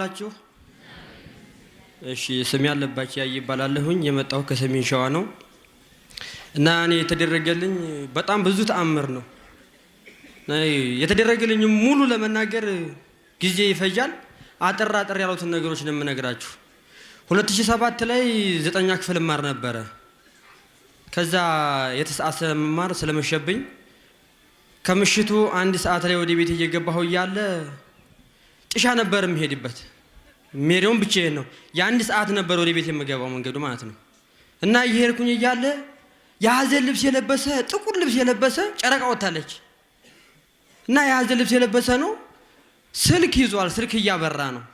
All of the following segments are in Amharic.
ዋላችሁ። እሺ ስም አለባቸው ያይ ይባላለሁኝ። የመጣሁ ከሰሜን ሸዋ ነው እና እኔ የተደረገልኝ በጣም ብዙ ተአምር ነው። የተደረገልኝ ሙሉ ለመናገር ጊዜ ይፈጃል። አጠር አጠር ያሉትን ነገሮች ነው የምነግራችሁ። 2007 ላይ ዘጠኛ ክፍል ማር ነበረ። ከዛ የተሰዓት መማር ስለመሸብኝ ከምሽቱ አንድ ሰዓት ላይ ወደ ቤት እየገባሁ እያለ ጥሻ ነበር የምሄድበት ሜሪውን ብቻ ነው የአንድ ሰዓት ነበር ወደ ቤት የምገባው መንገዱ ማለት ነው። እና እየሄድኩኝ እያለ የሀዘን ልብስ የለበሰ ጥቁር ልብስ የለበሰ ጨረቃ ወታለች እና የሀዘን ልብስ የለበሰ ነው ስልክ ይዟል። ስልክ እያበራ ነው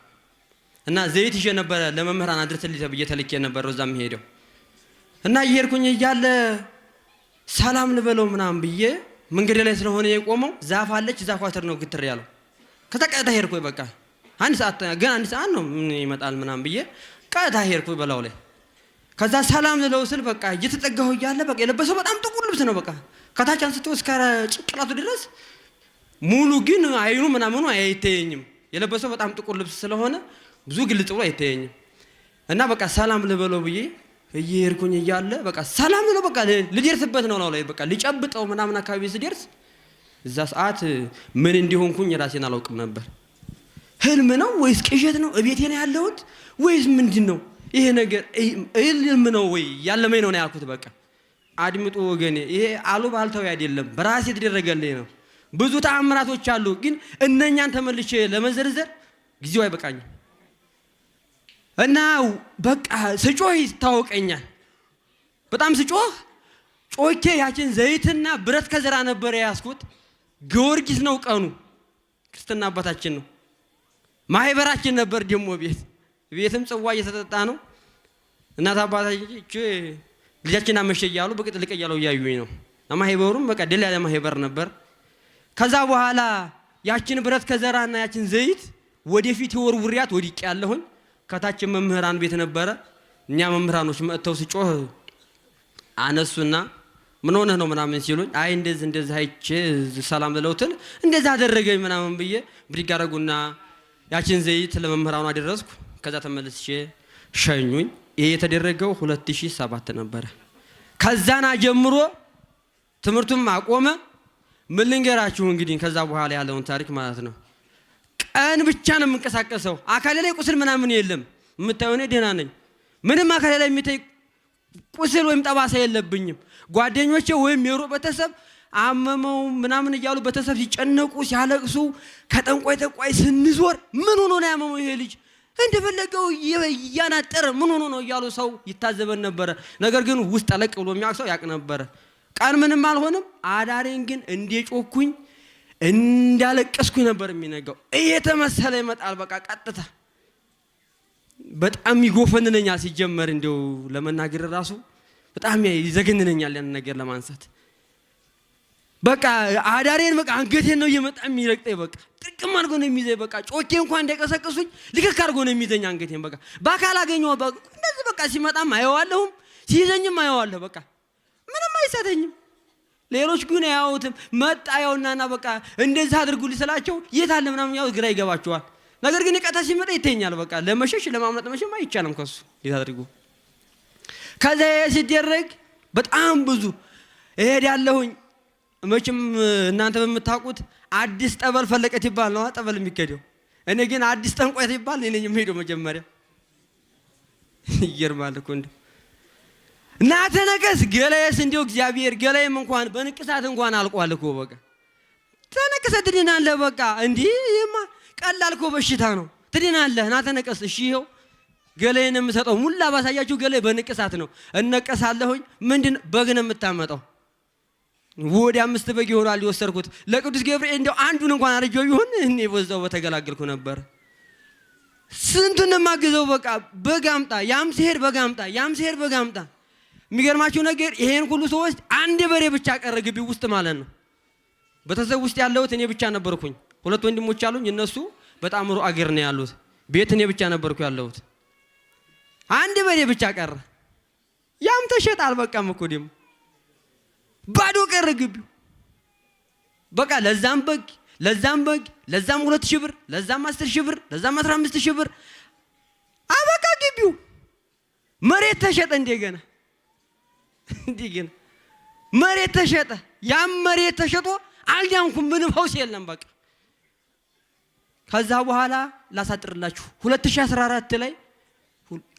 እና ዘይት ይዤ ነበረ ለመምህራን አድርስልኝ ተብዬ ተልኬ ነበረው እዛ የምሄደው እና እየሄድኩኝ እያለ ሰላም ልበለው ምናምን ብዬ መንገድ ላይ ስለሆነ የቆመው ዛፍ አለች። ዛፏ ስር ነው ግትር ያለው ከተቀዳ ሄድኩኝ። በቃ አንድ ሰዓት ግን አንድ ሰዓት ነው ምን ይመጣል ምናምን ብዬ ቀዳ ሄድኩኝ በላው ላይ። ከዛ ሰላም ልለው ስል በቃ እየተጠጋሁ እያለ በቃ የለበሰው በጣም ጥቁር ልብስ ነው። በቃ ከታች አንስቶ እስከ ጭንቅላቱ ድረስ ሙሉ ግን አይኑ ምናምኑ አይተየኝም። የለበሰው በጣም ጥቁር ልብስ ስለሆነ ብዙ ግልጽ ብሎ አይተየኝም። እና በቃ ሰላም ልበለው ብዬ እየሄድኩኝ እያለ በቃ ሰላም ልለው በቃ ልደርስበት ነው ላይ በቃ ሊጨብጠው ምናምን አካባቢ ስደርስ እዛ ሰዓት ምን እንዲሆንኩኝ ራሴን አላውቅም ነበር። ህልም ነው ወይስ ቅዠት ነው? እቤቴ ነው ያለሁት ወይስ ምንድን ነው ይሄ ነገር? ህልም ነው ወይ ያለመኝ ነው ያልኩት። በቃ አድምጡ ወገኔ፣ ይሄ አሉባልታዊ አይደለም፣ በራሴ የተደረገልኝ ነው። ብዙ ተአምራቶች አሉ፣ ግን እነኛን ተመልሼ ለመዘርዘር ጊዜው አይበቃኝም እና በቃ ስጮህ ይታወቀኛል። በጣም ስጮህ ጮኬ ያችን ዘይትና ብረት ከዘራ ነበር የያዝኩት። ጊዮርጊስ ነው ቀኑ። ክርስትና አባታችን ነው። ማህበራችን ነበር ደግሞ ቤት ቤትም ጽዋ እየተጠጣ ነው። እናት አባታች ልጃችን አመሸ እያሉ በቅጥ ልቅ እያለው እያዩኝ ነው። ማህበሩም በቃ ድል ያለ ማህበር ነበር። ከዛ በኋላ ያችን ብረት ከዘራና ያችን ዘይት ወደፊት የወርውሪያት ወድቅ ያለሁኝ ከታችን መምህራን ቤት ነበረ። እኛ መምህራኖች መጥተው ስጮህ አነሱና ምን ሆነህ ነው ምናምን ሲሉኝ፣ አይ እንደዚህ እንደዚህ አይቼ ሰላም ብለውትን እንደዚህ አደረገኝ ምናምን ብዬ ብድግ አደረጉና ያችን ዘይት ለመምህራኑ አደረስኩ። ከዛ ተመልስቼ ሸኙኝ። ይሄ የተደረገው 2007 ነበረ። ከዛና ጀምሮ ትምህርቱም አቆመ። ምን ልንገራችሁ እንግዲህ ከዛ በኋላ ያለውን ታሪክ ማለት ነው። ቀን ብቻ ነው የምንቀሳቀሰው። አካሌ ላይ ቁስል ምናምን የለም። የምታየው እኔ ደህና ነኝ። ምንም አካሌ ላይ የሚታይ ቁስል ወይም ጠባሳ የለብኝም። ጓደኞቼ ወይም የሩቅ ቤተሰብ አመመው ምናምን እያሉ ቤተሰብ ሲጨነቁ ሲያለቅሱ ከጠንቋይ ጠቋይ ስንዞር ምን ሆኖ ነው ያመመው ይሄ ልጅ እንደፈለገው እያናጠረ ምን ሆኖ ነው እያሉ ሰው ይታዘበን ነበረ። ነገር ግን ውስጥ ጠለቅ ብሎ የሚያውቅ ሰው ያውቅ ነበረ። ቀን ምንም አልሆንም። አዳሬን ግን እንዴ ጮኩኝ እንዳለቀስኩኝ ነበር የሚነጋው። እየተመሰለ ይመጣል በቃ ቀጥታ በጣም ይጎፈንነኛል። ሲጀመር እንደው ለመናገር ራሱ በጣም ይዘገንነኛል ያን ነገር ለማንሳት። በቃ አዳሬን በቃ አንገቴን ነው እየመጣ የሚረግጠኝ። በቃ ጥቅም አድርጎ ነው የሚዘኝ። በቃ ጮኬ እንኳን እንዳይቀሰቅሱኝ ልክክ አድርጎ ነው የሚዘኝ አንገቴን። በቃ በአካል አገኘው እንደዚህ በቃ ሲመጣም አየዋለሁም ሲይዘኝም አየዋለሁ። በቃ ምንም አይሰተኝም። ሌሎች ግን አያዩትም። መጣ ያውናና በቃ እንደዚህ አድርጉ ሊስላቸው የት አለ ምናምን ያው ግራ ይገባቸዋል። ነገር ግን ንቀታ ሲመጣ ይተኛል። በቃ ለመሸሽ ለማምለጥ መሸም አይቻልም። ከሱ ይታድርጉ። ከዛ ሲደረግ በጣም ብዙ ያለሁኝ መቼም እናንተ በምታውቁት አዲስ ጠበል ፈለቀት ይባል ነው ጠበል የሚከደው። እኔ ግን አዲስ ጠንቋይ ይባል እኔ ነኝ የምሄደው መጀመሪያ። ይገርማል እኮ እንዲ እናተ ነገስ ገላየስ እንዲሁ እግዚአብሔር ገላየም እንኳን በንቅሳት እንኳን አልቋል እኮ በቃ ተነቅሰ ድድናለህ በቃ እንዲህ ቀላል እኮ በሽታ ነው። ትድናለህ። ና ተነቀስ። እሺ ይኸው ገለይን የምሰጠው ሙላ ባሳያችሁ ገላይ በንቅሳት ነው። እነቀሳለሁኝ። ምንድን በግ ነው የምታመጣው? ወደ አምስት በግ ይሆናል የወሰድኩት። ለቅዱስ ገብርኤል እንዲያው አንዱን እንኳን አርጆ ይሁን እኔ በዛው በተገላገልኩ ነበር። ስንቱን የማግዘው በቃ በግ አምጣ፣ ያም ሲሄድ በግ አምጣ፣ ያም ሲሄድ በግ አምጣ። የሚገርማችሁ ነገር ይሄን ሁሉ ሰዎች አንድ በሬ ብቻ ቀረ ግቢ ውስጥ ማለት ነው። ቤተሰብ ውስጥ ያለሁት እኔ ብቻ ነበርኩኝ። ሁለት ወንድሞች አሉኝ። እነሱ በጣም ሩ አገር ነው ያሉት። ቤት እኔ ብቻ ነበርኩ ያለሁት። አንድ በሬ ብቻ ቀረ። ያም ተሸጠ። አልበቃም እኮ ደግሞ ባዶ ቀረ ግቢው። በቃ ለዛም በግ ለዛም በግ ለዛም ሁለት ሺህ ብር ለዛም አስር ሺህ ብር ለዛም አስራ አምስት ሺህ ብር አበቃ ግቢው። መሬት ተሸጠ። እንደገና እንደገና መሬት ተሸጠ። ያም መሬት ተሸጦ አልዳንኩም። ምንም ፈውስ የለም በቃ ከዛ በኋላ ላሳጥርላችሁ 2014 ላይ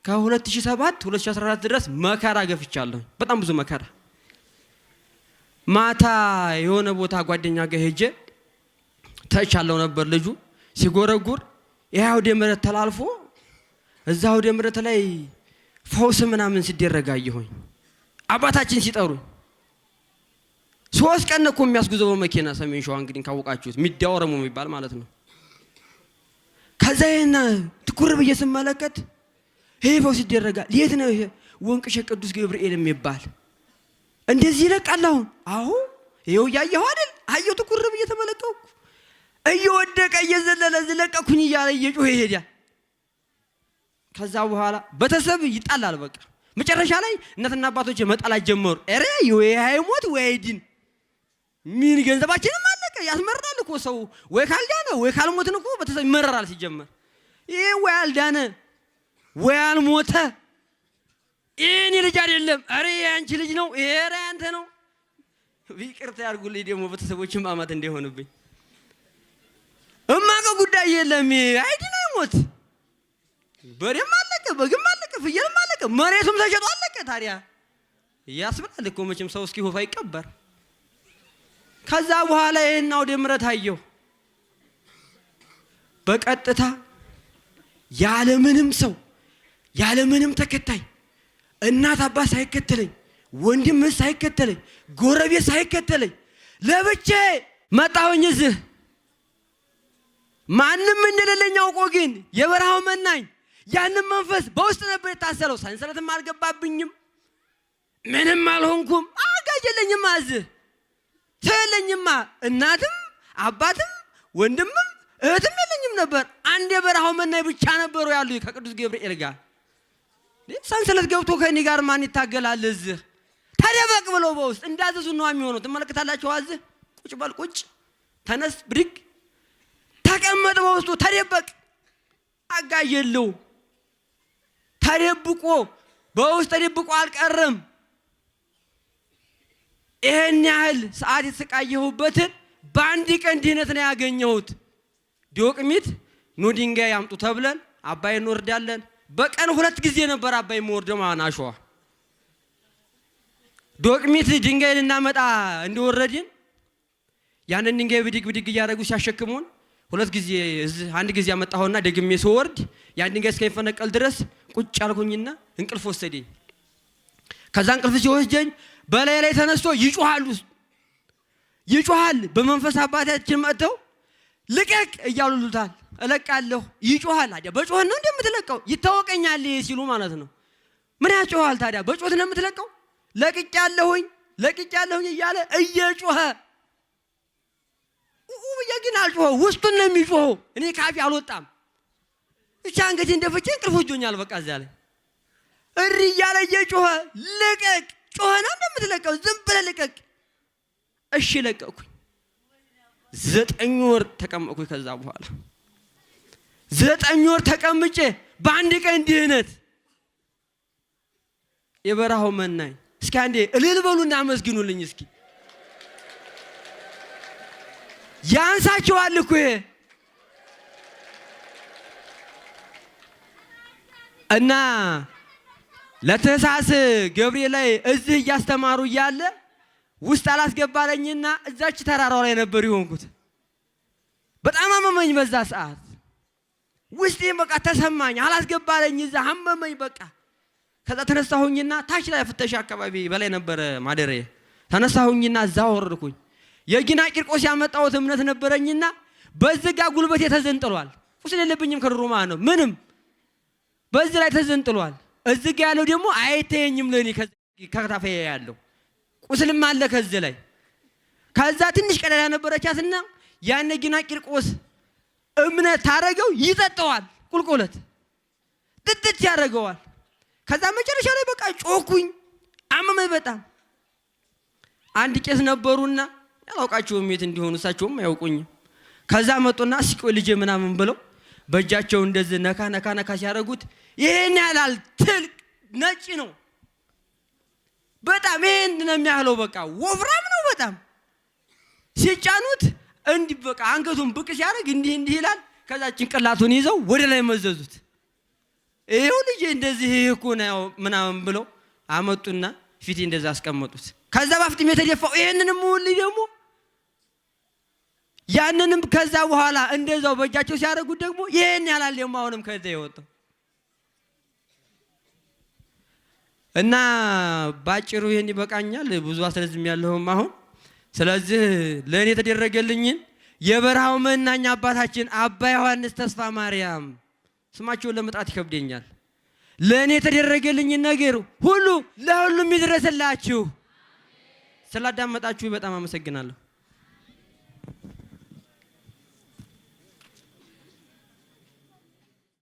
ከ2007 2014 ድረስ መከራ ገፍቻለሁ። በጣም ብዙ መከራ። ማታ የሆነ ቦታ ጓደኛ ጋር ሄጄ ተቻለው ነበር። ልጁ ሲጎረጉር ይህ አውደ ምህረት ተላልፎ እዛ አውደ ምህረት ላይ ፈውስ ምናምን ሲደረጋ አየሁኝ። አባታችን ሲጠሩኝ ሶስት ቀን እኮ የሚያስጉዘው በመኪና ሰሜን ሸዋ እንግዲህ ካወቃችሁት ሚዲያ ኦሮሞ የሚባል ማለት ነው ከዛ ይህን ትኩር ብዬ ስመለከት ይሄ ፈውስ ይደረጋል። የት ነው ይሄ? ወንቅሸ ቅዱስ ገብርኤል የሚባል እንደዚህ ይለቃል። አሁን አሁ ይኸው እያየሁ አይደል? አየሁ ትኩር ብዬ ተመለከትኩ። እየወደቀ እየዘለለ ዝለቀኩኝ እያለ እየጮኸ ይሄዳል። ከዛ በኋላ ቤተሰብ ይጣላል። በቃ መጨረሻ ላይ እናትና አባቶች መጣላት ጀመሩ። ኧረ ወይ ሃይሞት ወይ አይዲን ሚን ገንዘባችንም ያስመርራል እኮ ሰው ወይ ካልዳነ ወይ ካልሞትን እኮ በተሰ ይመረራል። ሲጀመር ይሄ ወይ አልዳነ ወይ አልሞተ ይህኔ ልጅ አይደለም፣ አረ የአንቺ ልጅ ነው፣ ኧረ ያንተ ነው። ይቅርታ ያድርጉልኝ ደግሞ ቤተሰቦችን በአማት እንዳይሆንብኝ እማቀ ጉዳይ የለም። አይዲ ነው ይሞት በሬም አለቀ፣ በግም አለቀ፣ ፍየልም አለቀ፣ መሬቱም ተሸጦ አለቀ። ታዲያ ያስብላል እኮ መቼም ሰው እስኪሆፋ ይቀበር ከዛ በኋላ ይህን አውደ ምረት አየሁ። በቀጥታ ያለምንም ሰው ያለምንም ተከታይ እናት አባት ሳይከተለኝ ወንድም ሳይከተለኝ ጎረቤት ሳይከተለኝ ለብቼ መጣሁኝ እዚህ ማንም እንደሌለኝ አውቆ ግን የበረሃው መናኝ ያንን መንፈስ በውስጥ ነበር የታሰረው። ሰንሰለትም አልገባብኝም፣ ምንም አልሆንኩም፣ አጋጀለኝም አዝህ ተለኝማ እናትም አባትም ወንድምም እህትም የለኝም ነበር። አንድ የበረሃው መናይ ብቻ ነበሩ ያሉ ከቅዱስ ገብርኤል ጋር ሰንሰለት ገብቶ ከእኔ ጋር ማን ይታገላል? እዚህ ተደበቅ ብለው በውስጥ እንዳዘዙ ነው የሚሆነው። ትመለከታላችሁ። አዝህ ቁጭ በል ቁጭ፣ ተነስ ብድግ፣ ተቀመጥ፣ በውስጡ ተደበቅ። አጋየለው ተደብቆ በውስጥ ተደብቆ አልቀረም። ይሄን ያህል ሰዓት የተሰቃየሁበትን በአንድ ቀን ድህነት ነው ያገኘሁት። ዲዮቅሚት ኑ ድንጋይ ያምጡ ተብለን አባይ እንወርዳለን። በቀን ሁለት ጊዜ ነበር አባይ የምወርደው ማለት አሸዋ። ዶቅሚት ድንጋይ ልናመጣ እንደወረድን ያንን ድንጋይ ብድግ ብድግ እያደረጉ ሲያሸክሙን ሁለት ጊዜ አንድ ጊዜ ያመጣሁና ደግሜ ስወርድ ያን ድንጋይ እስከሚፈነቀል ድረስ ቁጭ አልኩኝና እንቅልፍ ወሰደኝ። ከዛ እንቅልፍ ሲወስደኝ በላይ ላይ ተነስቶ ይጮሃል ይጮሃል። በመንፈስ አባታችን መጥተው ልቀቅ እያሉ ሉታል እለቃለሁ ይጮሃል። ታዲያ በጮህ ነው እንደምትለቀው ይታወቀኛል ሲሉ ማለት ነው። ምን ያጮኋል ታዲያ? በጮት ነው የምትለቀው? ለቅቄያለሁኝ ለቅቄያለሁኝ እያለ እየጮኸ ብዬ ግን አልጮኸው፣ ውስጡን ነው የሚጮኸው። እኔ ካፌ አልወጣም ብቻ እንግዲህ እንደፈቼ እንቅልፍ ወጆኛል። በቃ እዚያ ላይ እሪ እያለ እየጮኸ ልቀቅ ጮኸና እንደምትለቀው ዝም ብለህ ልቀቅ። እሺ ለቀኩኝ። ዘጠኝ ወር ተቀመጥኩኝ። ከዛ በኋላ ዘጠኝ ወር ተቀምጬ በአንድ ቀን ድህነት የበረሃው መናኝ። እስኪ አንዴ እልል በሉ እናመስግኑልኝ። እስኪ ያንሳችኋል እኮ ይሄ እና ለታኅሳስ ገብርኤል ላይ እዚህ እያስተማሩ እያለ ውስጥ አላስገባለኝና እዛች ተራራው ላይ ነበር የሆንኩት። በጣም አመመኝ። በዛ ሰዓት ውስጤም በቃ ተሰማኝ። አላስገባለኝ እዛ አመመኝ። በቃ ከዛ ተነሳሁኝና ታች ላይ ፍተሻ አካባቢ በላይ ነበረ ማደሪያ። ተነሳሁኝና እዛ ወረድኩኝ። የጊና ቂርቆስ ያመጣሁት እምነት ነበረኝና በዚህ ጉልበቴ ተዘንጥሏል። ቁስል የለብኝም ከድሮ ማለት ነው። ምንም በዚህ ላይ ተዘንጥሏል። እዚህ ጋ ያለው ደግሞ አይተየኝም ለኔ ከታፈ ያለው ቁስልም አለ ከዚህ ላይ ከዛ ትንሽ ቀዳዳ ነበረቻትና ያነ ጊና ቂርቆስ እምነት ታረገው ይጠጠዋል ቁልቁለት ጥጥት ያደረገዋል። ከዛ መጨረሻ ላይ በቃ ጮኩኝ፣ አመመኝ በጣም አንድ ቄስ ነበሩና ያላውቃቸውም የት እንዲሆኑ እሳቸውም አያውቁኝም። ከዛ መጡና እስኪ ልጄ ምናምን ብለው በእጃቸው እንደዚህ ነካ ነካ ነካ ሲያደርጉት ይህን ያላል ትልቅ ነጭ ነው። በጣም ይህን ነው የሚያህለው። በቃ ወፍራም ነው በጣም ሲጫኑት እንዲህ በቃ አንገቱን ብቅ ሲያደርግ እንዲህ እንዲህ ይላል። ከዛ ጭንቅላቱን ይዘው ወደ ላይ መዘዙት። ይሄው ልጅ እንደዚህ እኮ ነው ምናምን ብለው አመጡና ፊቴ እንደዛ አስቀመጡት። ከዛ በፊትም የተደፋው ይሄንንም ሁሉ ደግሞ ያንንም ከዛ በኋላ እንደዛው በእጃቸው ሲያደርጉት ደግሞ ይህን ያላል ደግሞ አሁንም ከዛ የወጣው እና ባጭሩ ይህን ይበቃኛል። ብዙ አስረዝም ያለሁም አሁን ስለዚህ ለእኔ የተደረገልኝን የበረሃው መናኛ አባታችን አባ ዮሐንስ ተስፋ ማርያም ስማቸውን ለመጥራት ይከብደኛል። ለእኔ የተደረገልኝን ነገር ሁሉ ለሁሉም ይድረስላችሁ። ስላዳመጣችሁ በጣም አመሰግናለሁ።